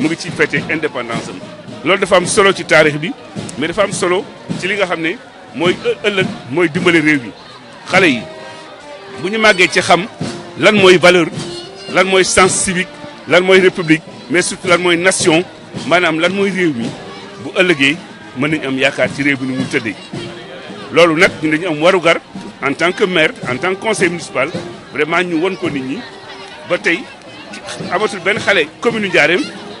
mu ngi ci fête indépendance am loolu dafa am solo ci taarix bi mais dafa am solo ci li nga xam ne mooy ëllëg mooy dimbale réew mi xale yi bu ñu màggee ci xam lan mooy valeur lan mooy sens civique lan mooy république mais surtout lan mooy nation maanaam lan mooy réew mi bu ëllëgee mën nañu am yaakaar ci réew mi ni mu tëddee loolu nag ñu dañu am warugar en tant que maire en tant que conseil municipal vraiment ñu won ko nit ñi ba tey amatul benn xale commune Ndiarème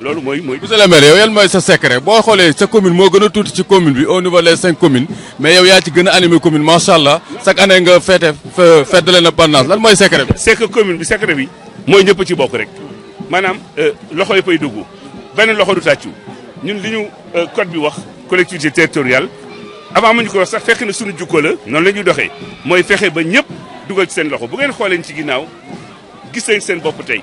loolu mooy mooy. monsieur le maire yow mooy sa secret boo xoolee sa commune moo gën a tuuti ci commune bi au niveau des cinq communes mais yow yaa ci gën a animé commune macha allah chaque année nga fête fête de l'indépendance lan mooy secret bi. c'est que commune bi secret bi mooy ñëpp ci bokk rek maanaam euh, loxo yëppay dugg benn loxo du tàccu ñun li ñu euh, code bi wax collectivité territoriale avant mu ñu ko wax sax fekk na suñu jukko noonu la ñuy doxee mooy fexe ba ñëpp dugal ci seen loxo bu ngeen xoolee ci ginnaaw gis seen bopp tey.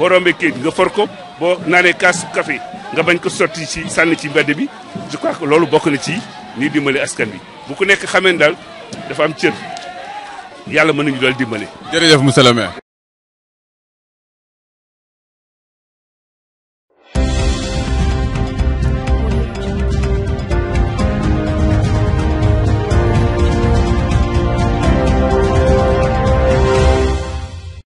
boo rombee kayit nga for ko boo naanee kaasu café nga bañ ko sotti ci sànni ci mbedd bi je loolu bokk na ci ni dimbale askan bi bu ku nekk xamee daal dafa am cër yàlla mën nañu doon dimbale. jërëjëf monsieur le maire.